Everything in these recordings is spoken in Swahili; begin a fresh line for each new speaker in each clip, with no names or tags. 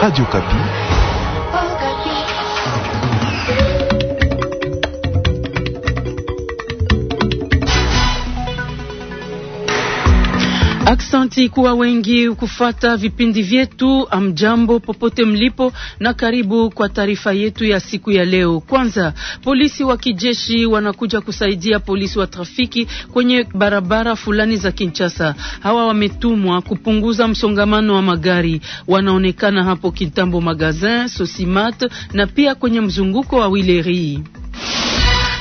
Radio Kapi.
Aksanti kuwa wengi kufata vipindi vyetu. Amjambo popote mlipo, na karibu kwa taarifa yetu ya siku ya leo. Kwanza, polisi wa kijeshi wanakuja kusaidia polisi wa trafiki kwenye barabara fulani za Kinshasa. Hawa wametumwa kupunguza msongamano wa magari, wanaonekana hapo kitambo Magazin, Sosimat na pia kwenye mzunguko wa Wileri.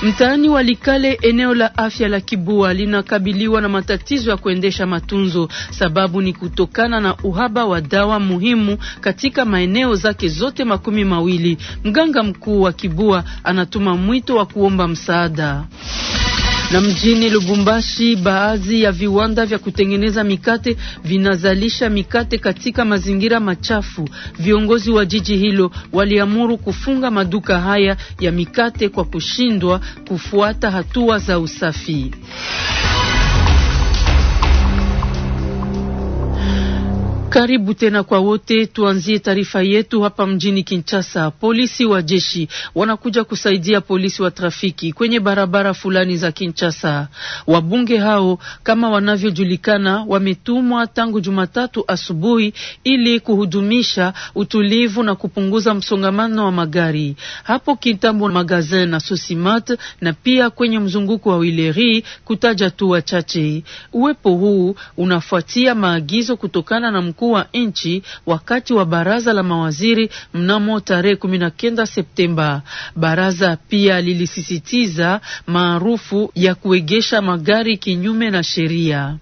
Mtaani wa Likale, eneo la afya la Kibua linakabiliwa na matatizo ya kuendesha matunzo. Sababu ni kutokana na uhaba wa dawa muhimu katika maeneo zake zote makumi mawili. Mganga mkuu wa Kibua anatuma mwito wa kuomba msaada. Na mjini Lubumbashi, baadhi ya viwanda vya kutengeneza mikate vinazalisha mikate katika mazingira machafu. Viongozi wa jiji hilo waliamuru kufunga maduka haya ya mikate kwa kushindwa kufuata hatua za usafi. Karibu tena kwa wote. Tuanzie taarifa yetu hapa mjini Kinshasa. Polisi wa jeshi wanakuja kusaidia polisi wa trafiki kwenye barabara fulani za Kinshasa. Wabunge hao kama wanavyojulikana, wametumwa tangu Jumatatu asubuhi ili kuhudumisha utulivu na kupunguza msongamano wa magari hapo kitambo Magazin na Sosimat, na pia kwenye mzunguko wa Wileri, kutaja tu wachache. Uwepo huu unafuatia maagizo kutokana na mkuu wa nchi wakati wa baraza la mawaziri mnamo tarehe kumi na kenda Septemba. Baraza pia lilisisitiza maarufu ya kuegesha magari kinyume na sheria.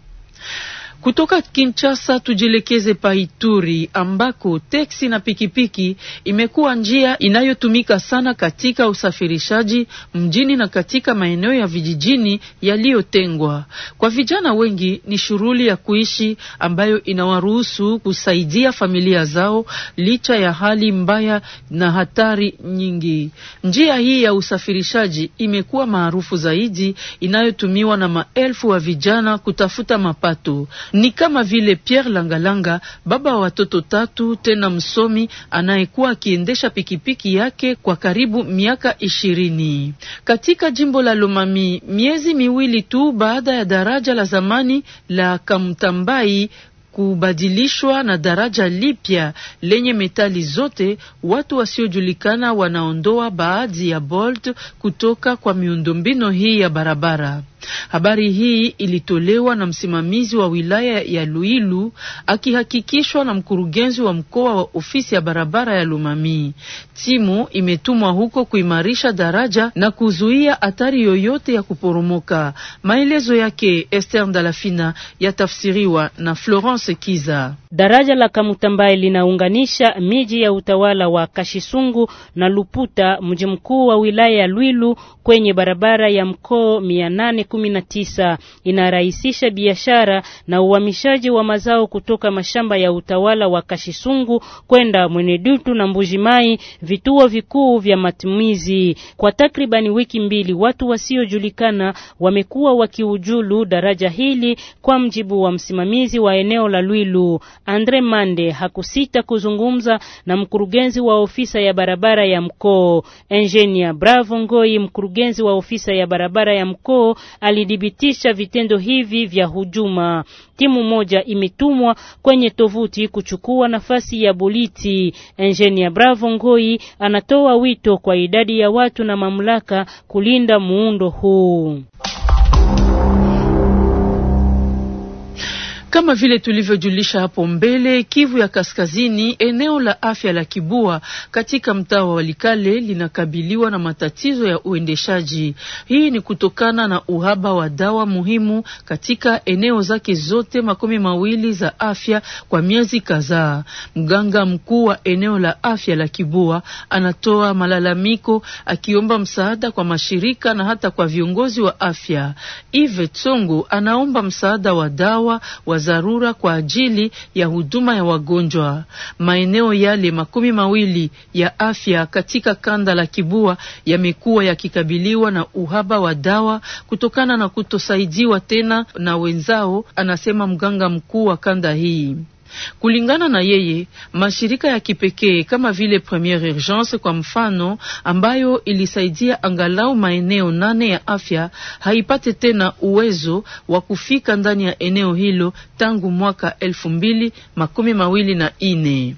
Kutoka Kinshasa tujielekeze pa Ituri ambako teksi na pikipiki imekuwa njia inayotumika sana katika usafirishaji mjini na katika maeneo ya vijijini yaliyotengwa. Kwa vijana wengi ni shughuli ya kuishi ambayo inawaruhusu kusaidia familia zao licha ya hali mbaya na hatari nyingi. Njia hii ya usafirishaji imekuwa maarufu zaidi inayotumiwa na maelfu wa vijana kutafuta mapato ni kama vile Pierre Langalanga, baba wa watoto tatu, tena msomi anayekuwa akiendesha pikipiki yake kwa karibu miaka ishirini katika jimbo la Lomami. Miezi miwili tu baada ya daraja la zamani la Kamtambai kubadilishwa na daraja lipya lenye metali zote, watu wasiojulikana wanaondoa baadhi ya bolt kutoka kwa miundombino hii ya barabara. Habari hii ilitolewa na msimamizi wa wilaya ya Luilu akihakikishwa na mkurugenzi wa mkoa wa ofisi ya barabara ya Lumami. Timu imetumwa huko kuimarisha daraja na kuzuia athari yoyote ya kuporomoka. Maelezo yake Esther dalafina yatafsiriwa na Florence Kiza. Daraja la Kamutambaye linaunganisha miji ya utawala wa Kashisungu na Luputa, mji mkuu wa wilaya ya lwilu kwenye barabara ya mkoo 19 inarahisisha biashara na uhamishaji wa mazao kutoka mashamba ya utawala wa Kashisungu kwenda Mwenedutu na Mbujimai, vituo vikuu vya matumizi. Kwa takribani wiki mbili, watu wasiojulikana wamekuwa wakiujulu daraja hili, kwa mjibu wa msimamizi wa eneo la Lwilu. Andre Mande hakusita kuzungumza na mkurugenzi wa ofisa ya barabara ya mkoo Engineer Bravo Ngoi, mkurugenzi wa ofisa ya barabara ya mkoo alidhibitisha vitendo hivi vya hujuma. Timu moja imetumwa kwenye tovuti kuchukua nafasi ya Boliti. Engineer Bravo Ngoi anatoa wito kwa idadi ya watu na mamlaka kulinda muundo huu. Kama vile tulivyojulisha hapo mbele, Kivu ya Kaskazini, eneo la afya la Kibua katika mtaa wa Walikale linakabiliwa na matatizo ya uendeshaji. Hii ni kutokana na uhaba wa dawa muhimu katika eneo zake zote makumi mawili za afya kwa miezi kadhaa. Mganga mkuu wa eneo la afya la Kibua anatoa malalamiko akiomba msaada kwa mashirika na hata kwa viongozi wa afya. Ive Tsongo anaomba msaada wa dawa wa dharura kwa ajili ya huduma ya wagonjwa. Maeneo yale makumi mawili ya afya katika kanda la Kibua yamekuwa yakikabiliwa na uhaba wa dawa kutokana na kutosaidiwa tena na wenzao, anasema mganga mkuu wa kanda hii. Kulingana na yeye, mashirika ya kipekee kama vile premier Urgence kwa mfano, ambayo ilisaidia angalau maeneo nane ya afya, haipate tena uwezo wa kufika ndani ya eneo hilo tangu mwaka elfu mbili makumi mawili na ine.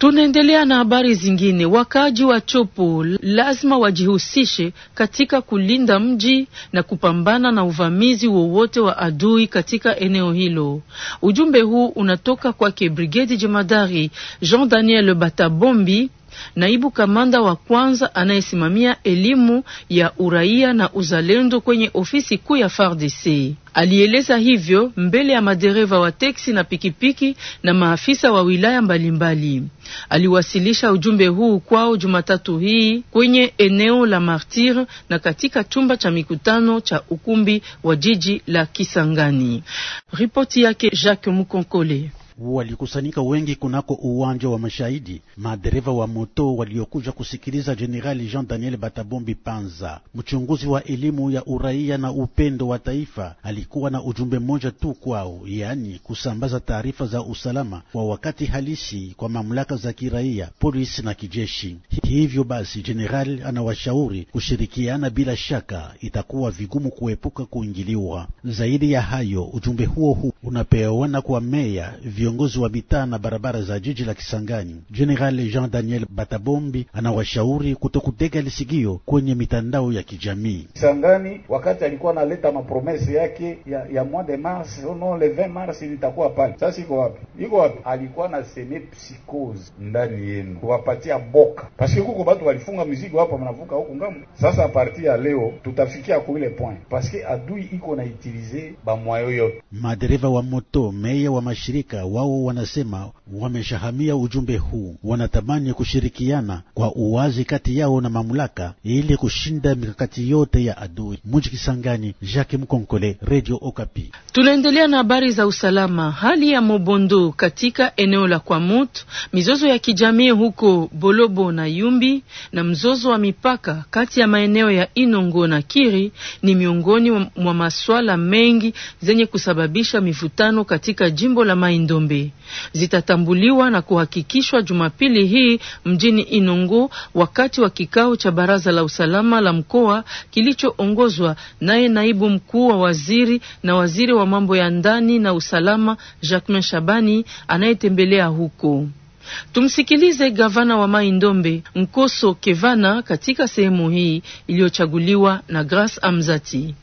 Tunaendelea na habari zingine. Wakaaji wa Chopo lazima wajihusishe katika kulinda mji na kupambana na uvamizi wowote wa adui katika eneo hilo. Ujumbe huu unatoka kwake Brigedi Jemadari Jean Daniel Batabombi naibu kamanda wa kwanza anayesimamia elimu ya uraia na uzalendo kwenye ofisi kuu ya FARDC. Alieleza hivyo mbele ya madereva wa teksi na pikipiki na maafisa wa wilaya mbalimbali mbali. Aliwasilisha ujumbe huu kwao Jumatatu hii kwenye eneo la Martir na katika chumba cha mikutano cha ukumbi wa jiji la Kisangani. Ripoti yake Jacques Mukonkole walikusanyika wengi
kunako uwanja wa mashahidi, madereva wa moto waliokuja kusikiliza Jenerali Jean Daniel Batabombi Panza, mchunguzi wa elimu ya uraia na upendo wa taifa. Alikuwa na ujumbe mmoja tu kwao, yaani kusambaza taarifa za usalama kwa wakati halisi kwa mamlaka za kiraia, polisi na kijeshi. Hivyo basi, jenerali anawashauri kushirikiana. Bila shaka itakuwa vigumu kuepuka kuingiliwa. Zaidi ya hayo, ujumbe huo huu unapeana kwa meya, viongozi wa mitaa na barabara za jiji la Kisangani. Jenerali Jean Daniel Batabombi anawashauri kutokutega lisigio kwenye mitandao ya kijamii.
Kisangani wakati alikuwa analeta mapromese yake ya, ya mois de mars oh no le 20 mars litakuwa pale, sasa iko wapi? Iko wapi? Alikuwa na seme psikose ndani yenu kuwapatia boka Paske Paske kuko batu walifunga mizigo hapa wanavuka huko ngambo. Sasa parti ya leo tutafikia kuile point paske adui iko na itilize bamwayo yote.
Madereva wa moto, meya wa mashirika wao wanasema wameshahamia ujumbe huu, wanatamani kushirikiana kwa uwazi kati yao na mamlaka ili kushinda mikakati yote ya adui. Muji Kisangani, Jacques Mkonkole, Radio
Okapi. Tunaendelea na habari za usalama. Hali ya Mobondo katika eneo la Kwamouth, mizozo ya kijamii huko Bolobo na yu Lumbi na mzozo wa mipaka kati ya maeneo ya Inongo na Kiri ni miongoni mwa masuala mengi zenye kusababisha mivutano katika jimbo la maindombe Zitatambuliwa na kuhakikishwa Jumapili hii mjini Inongo wakati wa kikao cha baraza la usalama la mkoa kilichoongozwa naye naibu mkuu wa waziri na waziri wa mambo ya ndani na usalama Jacquemain Shabani anayetembelea huko. Tumsikilize gavana wa Mai Ndombe Nkoso Kevana katika sehemu hii iliyochaguliwa na Grace Amzati.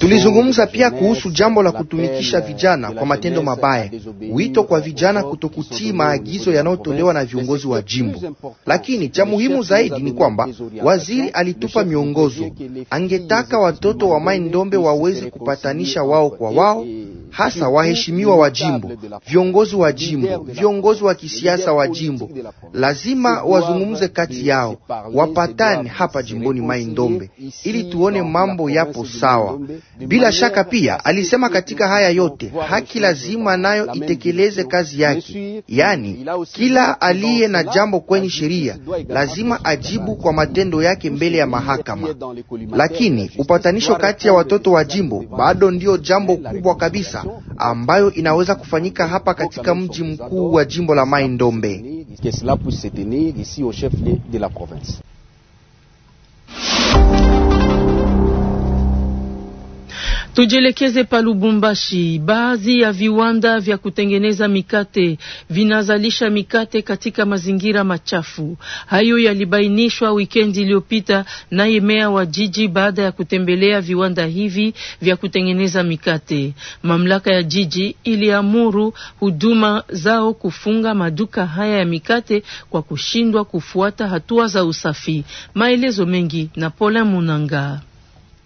Tulizungumza pia kuhusu jambo la kutumikisha vijana kwa matendo mabaya, wito kwa vijana kutokutii maagizo yanayotolewa na viongozi wa jimbo. Lakini cha muhimu zaidi ni kwamba waziri alitupa miongozo, angetaka watoto wa Mai Ndombe waweze kupatanisha wao kwa wao hasa waheshimiwa wa jimbo, viongozi wa jimbo, viongozi wa kisiasa wa jimbo lazima wazungumze kati yao, wapatane hapa jimboni Mai Ndombe ili tuone mambo yapo sawa. Bila shaka pia alisema katika haya yote, haki lazima nayo itekeleze kazi yake, yaani kila aliye na jambo kwenye sheria lazima ajibu kwa matendo yake mbele ya mahakama. Lakini upatanisho kati ya watoto wa jimbo bado ndio jambo kubwa kabisa ambayo inaweza kufanyika hapa katika mji mkuu wa jimbo la Mai Ndombe.
Tujielekeze pa Lubumbashi. Baadhi ya viwanda vya kutengeneza mikate vinazalisha mikate katika mazingira machafu. Hayo yalibainishwa wikendi iliyopita naye meya wa jiji baada ya kutembelea viwanda hivi vya kutengeneza mikate. Mamlaka ya jiji iliamuru huduma zao kufunga maduka haya ya mikate kwa kushindwa kufuata hatua za usafi. Maelezo mengi na Pole Munanga.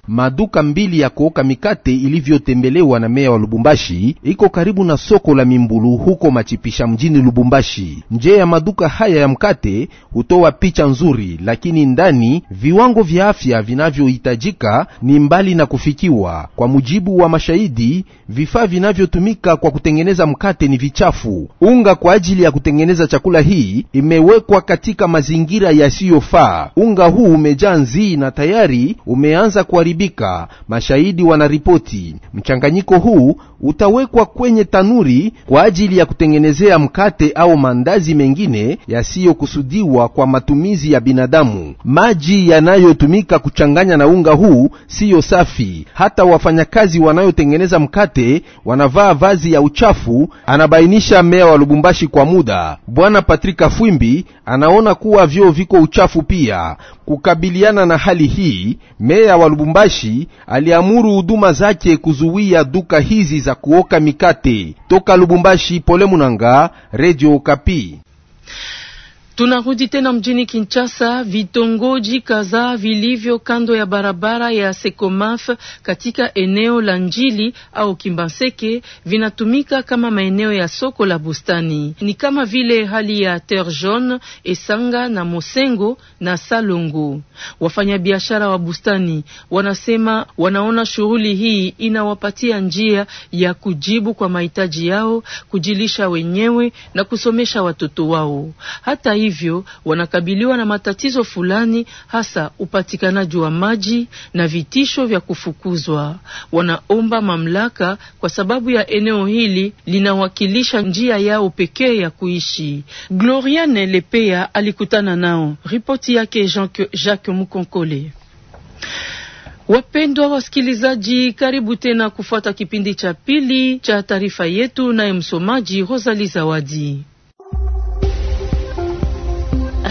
Maduka mbili ya kuoka mikate ilivyotembelewa na meya wa Lubumbashi iko karibu na soko la Mimbulu huko Machipisha mjini Lubumbashi. Nje ya maduka haya ya mkate hutoa picha nzuri, lakini ndani viwango vya afya vinavyohitajika ni mbali na kufikiwa. Kwa mujibu wa mashahidi, vifaa vinavyotumika kwa kutengeneza mkate ni vichafu. Unga kwa ajili ya kutengeneza chakula hii imewekwa katika mazingira yasiyofaa. Unga huu umejaa nzii na tayari umeanza kuari kuharibika, mashahidi wanaripoti. Mchanganyiko huu utawekwa kwenye tanuri kwa ajili ya kutengenezea mkate au mandazi mengine yasiyokusudiwa kwa matumizi ya binadamu. Maji yanayotumika kuchanganya na unga huu siyo safi. Hata wafanyakazi wanayotengeneza mkate wanavaa vazi ya uchafu, anabainisha meya wa Lubumbashi kwa muda. Bwana Patrika Fwimbi anaona kuwa vyoo viko uchafu pia. Kukabiliana na hali hii, meya wa Lubumbashi aliamuru huduma zake kuzuia duka hizi za kuoka mikate. Toka Lubumbashi, Pole Munanga, Radio Kapi.
Tunarudi tena mjini Kinshasa. Vitongoji kadhaa vilivyo kando ya barabara ya Sekomaf katika eneo la Njili au Kimbaseke vinatumika kama maeneo ya soko la bustani, ni kama vile hali ya Terjon, Esanga na Mosengo na Salongo. Wafanyabiashara wa bustani wanasema wanaona shughuli hii inawapatia njia ya kujibu kwa mahitaji yao, kujilisha wenyewe na kusomesha watoto wao. Hata hivyo wanakabiliwa na matatizo fulani, hasa upatikanaji wa maji na vitisho vya kufukuzwa. Wanaomba mamlaka kwa sababu ya eneo hili linawakilisha njia yao pekee ya kuishi. Gloriane lepea alikutana nao. Ripoti yake Jacques Mukonkole. Wapendwa wasikilizaji, karibu tena kufuata kipindi cha pili cha taarifa yetu, naye msomaji Rosali Zawadi.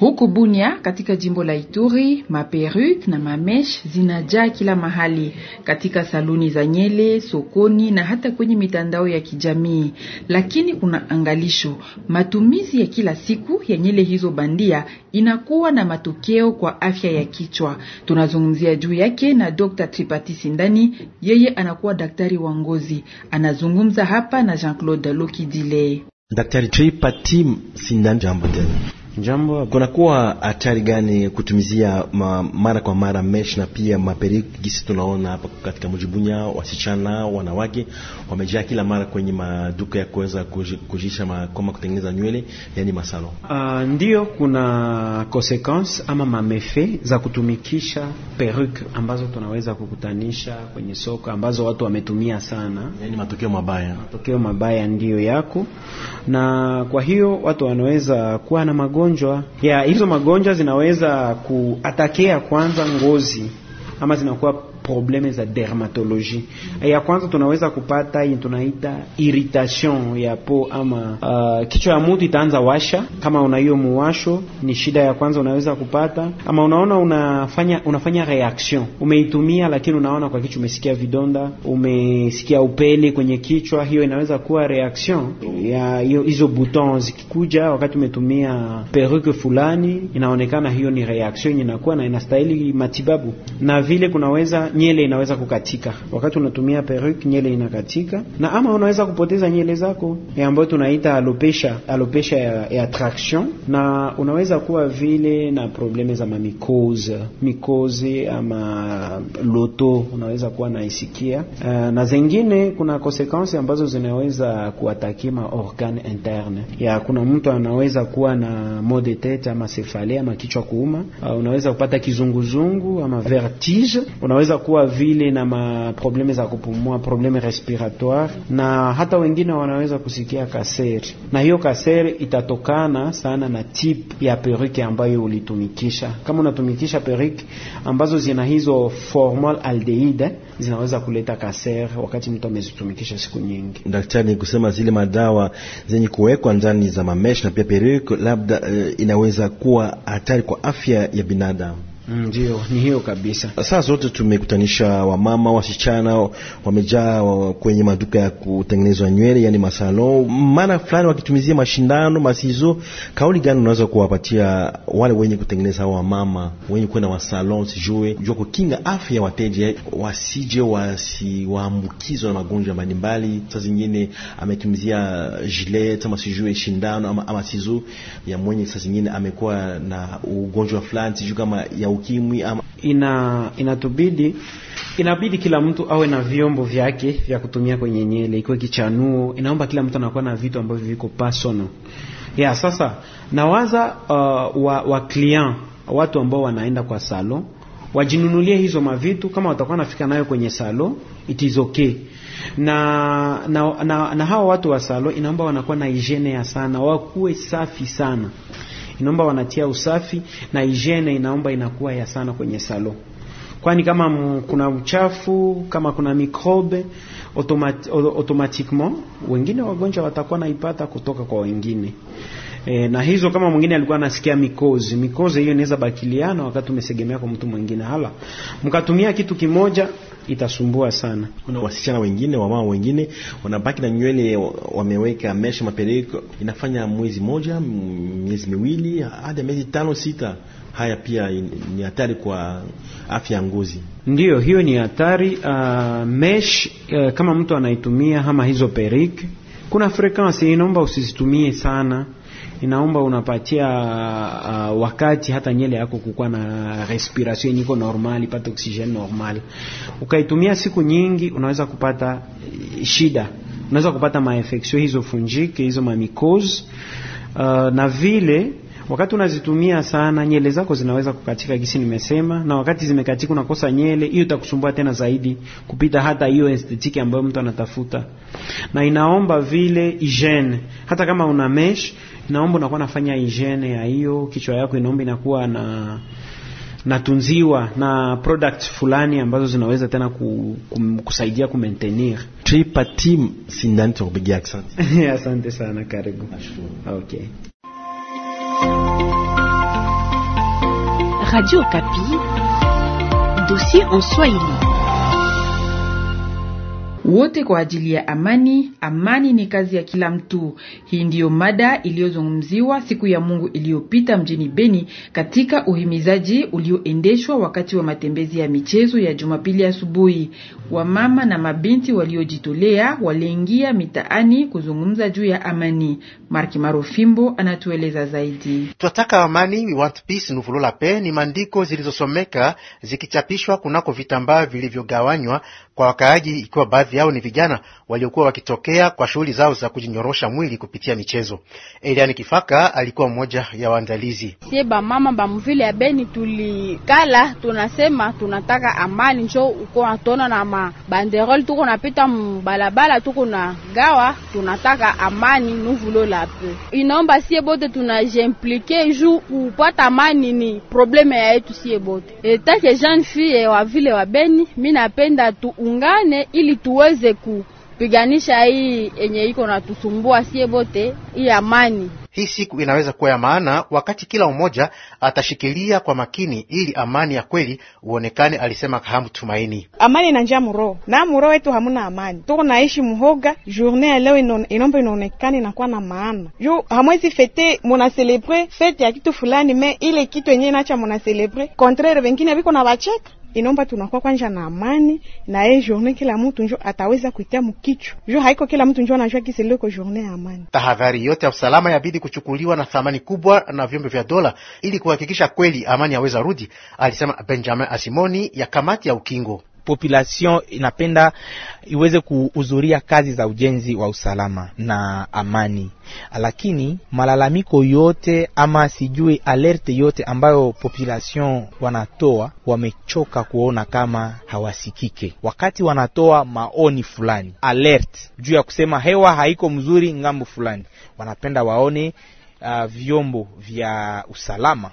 Huku Bunia katika jimbo la Ituri, maperuk na mamesh zinajaa kila mahali, katika saluni za nyele, sokoni na hata kwenye mitandao ya kijamii. Lakini kuna angalisho, matumizi ya kila siku ya nyele hizo bandia inakuwa na matokeo kwa afya ya kichwa. Tunazungumzia juu yake na Dr. Tripati Sindani, yeye anakuwa daktari wa ngozi. Anazungumza hapa na Jean-Claude Lokidile.
Daktari Tripati Sindani, jambo tena. Jambo, kunakuwa hatari gani kutumizia ma, mara kwa mara mesh na pia maperiki? Gisi tunaona hapa katika bunya wasichana wanawake wamejaa kila mara kwenye maduka ya kuweza kujisha makoma kutengeneza nywele, yani masalo.
Uh, ndio kuna consequence ama mamefe za kutumikisha peruk ambazo tunaweza kukutanisha kwenye soko ambazo watu wametumia sana, yani matokeo mabaya. Matokeo mabaya ndiyo yako, na kwa hiyo watu wanaweza kuwa na magonjwa magonjwa ya hizo magonjwa zinaweza kuatakea kwanza ngozi ama zinakuwa probleme za dermatoloji. Ya kwanza tunaweza kupata tunaita irritation ya po ama uh, ah, kichwa ya mtu itaanza washa. Kama una hiyo muwasho, ni shida ya kwanza unaweza kupata, ama unaona unafanya unafanya reaction, umeitumia lakini unaona kwa kichwa umesikia vidonda, umesikia upele kwenye kichwa, hiyo inaweza kuwa reaction ya hizo buton zikikuja wakati umetumia peruke fulani, inaonekana hiyo ni reaction inakuwa na inastahili matibabu. Na vile kunaweza nyele inaweza kukatika wakati unatumia peruk, nyele inakatika, na ama unaweza kupoteza nyele zako e, ambayo tunaita alopecia, alopecia ya, ya traction, na unaweza kuwa vile na probleme za mamikoze mikoze ama loto unaweza kuwa naisikia e, na eh, zengine kuna konsekansi ambazo zinaweza kuatakima organe interne ya kuna mtu anaweza kuwa na mode de tete ama sefale ama kichwa kuuma. Uh, unaweza kupata kizunguzungu ama vertige, unaweza kuwa vile na maprobleme za kupumua, probleme respiratoire, na hata wengine wanaweza kusikia kaseri, na hiyo kaseri itatokana sana na tip ya perike ambayo ulitumikisha. Kama unatumikisha perike ambazo zina hizo formal aldehyde
zinaweza kuleta kaseri wakati mtu amezitumikisha siku nyingi. Daktari, ni kusema zile madawa zenye kuwekwa ndani za mamesh na pia perike labda uh, inaweza kuwa hatari kwa afya ya binadamu. Mm, ndio, ni hiyo kabisa. Saa zote tumekutanisha wamama, wasichana wamejaa wa, kwenye maduka ya kutengenezwa nywele, yani masalon, maana fulani wakitumizia mashindano masizo. Kauli gani unaweza kuwapatia wale wenye kutengeneza, wamama wenye kwenda wasalon, sijue jua kukinga afya ya wateja, wasije wasiwaambukizwa na magonjwa mbalimbali. Saa zingine ametumizia gilet ama sijue shindano ama, ama sizo ya mwenye, saa zingine amekuwa na ugonjwa fulani sijui kama ya ukimwi ama ina inatubidi
inabidi kila mtu awe na vyombo vyake vya kutumia kwenye nyele, ikiwe kichanuo. Inaomba kila mtu anakuwa na vitu ambavyo viko personal ya yeah. Sasa nawaza uh, wa, wa client watu ambao wanaenda kwa salo wajinunulie hizo mavitu, kama watakuwa nafika nayo kwenye salo it is okay na, na, na, na hao watu wa salo inaomba wanakuwa na hygiene ya sana, wakuwe safi sana inaomba wanatia usafi na hygiene inaomba inakuwa ya sana kwenye salon, kwani kama kuna uchafu kama kuna mikrobe automatiquement wengine wagonjwa watakuwa naipata kutoka kwa wengine. E, na hizo kama mwingine alikuwa anasikia mikozi mikozi, hiyo inaweza bakiliana wakati umesegemea kwa mtu mwingine, hala mkatumia kitu
kimoja itasumbua sana. Kuna wasichana wengine, wamama wengine wanabaki na nywele wameweka mesh mapeleko, inafanya mwezi moja, miezi miwili, hadi miezi tano sita. Haya pia ni hatari kwa afya ya ngozi. Ndiyo,
hiyo ni hatari. Uh, mesh uh, kama mtu anaitumia ama hizo perik, kuna frekansi inaomba usizitumie sana inaomba unapatia uh, wakati hata nyele yako kukua na respiration iko normal, ipate oxygen normal. Ukaitumia siku nyingi, unaweza kupata uh, shida, unaweza kupata mainfection hizo fungiki hizo mamikozi uh, na vile wakati unazitumia sana nyele zako zinaweza kukatika, gisi nimesema, na wakati zimekatika unakosa nyele, hiyo itakusumbua tena zaidi kupita hata hiyo estetiki ambayo mtu anatafuta, na inaomba vile hygiene, hata kama una mesh naomba unakuwa nafanya hygiene ya hiyo kichwa yako, inaomba inakuwa na natunziwa na product fulani ambazo zinaweza tena ku, ku, kusaidia ku maintainer
tripati sindani tukupigia.
Asante asante sana, karibu. Okay,
Radio Kapi, dossier en Swahili wote kwa ajili ya amani. Amani ni kazi ya kila mtu. Hii ndiyo mada iliyozungumziwa siku ya Mungu iliyopita mjini Beni katika uhimizaji ulioendeshwa wakati wa matembezi ya michezo ya Jumapili asubuhi. Wamama na mabinti waliojitolea waliingia mitaani kuzungumza juu ya amani. Mark Marofimbo anatueleza zaidi. Tunataka
amani, we want peace, nuvulola pe ni maandiko zilizosomeka zikichapishwa kunako vitambaa vilivyogawanywa kwa wakaaji, ikiwa baadhi yao ni vijana waliokuwa wakitokea kwa shughuli zao za kujinyorosha mwili kupitia michezo. Eliani Kifaka alikuwa mmoja ya waandalizi.
Sie bamama bamvile ya Beni tulikala, tunasema tunataka amani, njo uko natona na mabanderole, tuko napita mbalabala, tuko na gawa, tunataka amani nuvulo lape. Inaomba sie bote tunajimplike ju kupata amani, ni probleme ya yetu sie bote etake jeune fille wa vile wa Beni. Mi napenda tuungane ili tuwe tuweze kupiganisha hii yenye iko na tusumbua sie bote, hii amani.
Hii siku inaweza kuwa ya maana wakati kila mmoja atashikilia kwa makini, ili amani ya kweli uonekane, alisema Kahamu Tumaini. Amani na inanja mroho na mroho wetu hamuna amani, tuko naishi muhoga. Journée ya leo inomba inaonekana inakuwa na maana juu hamwezi fete, muna celebre fete ya kitu fulani, me ile kitu yenyewe inacha muna celebre contraire, wengine viko na bacheka inaomba tunakuwa kwanja na amani na ye journe kila mtu njo ataweza kuitia mkicho jo, haiko kila mtu njo anajua kisi leo ya amani. Tahadhari yote ya usalama yabidi kuchukuliwa na thamani kubwa na vyombe vya dola ili kuhakikisha kweli amani yaweza rudi, alisema Benjamin Asimoni ya kamati ya ukingo population inapenda iweze kuhudhuria kazi za ujenzi wa usalama na amani, lakini malalamiko yote ama sijui alerte yote ambayo population wanatoa, wamechoka kuona kama hawasikike. Wakati wanatoa maoni fulani alert juu ya kusema hewa haiko mzuri ngambo fulani, wanapenda waone uh, vyombo vya usalama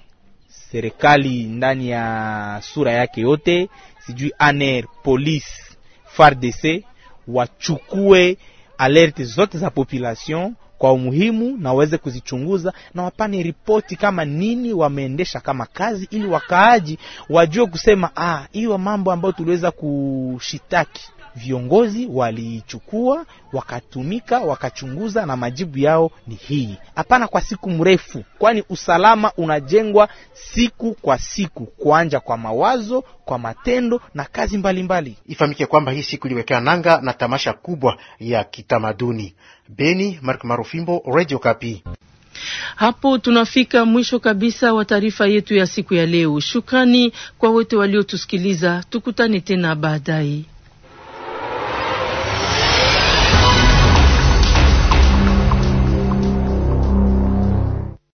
serikali ndani ya sura yake yote sijui ANR, polisi, FARDC wachukue alerte zote za population kwa umuhimu na waweze kuzichunguza na wapane ripoti kama nini wameendesha kama kazi, ili wakaaji wajue kusema ah, hiyo mambo ambayo tuliweza kushitaki viongozi waliichukua wakatumika, wakachunguza, na majibu yao ni hii hapana, kwa siku mrefu, kwani usalama unajengwa siku kwa siku, kuanja kwa mawazo, kwa matendo na kazi mbalimbali. Ifahamike kwamba hii siku iliwekea nanga na tamasha kubwa ya kitamaduni Beni. Mark Marufimbo, Radio Kapi.
Hapo tunafika mwisho kabisa wa taarifa yetu ya siku ya leo. Shukrani kwa wote waliotusikiliza, tukutane tena baadaye.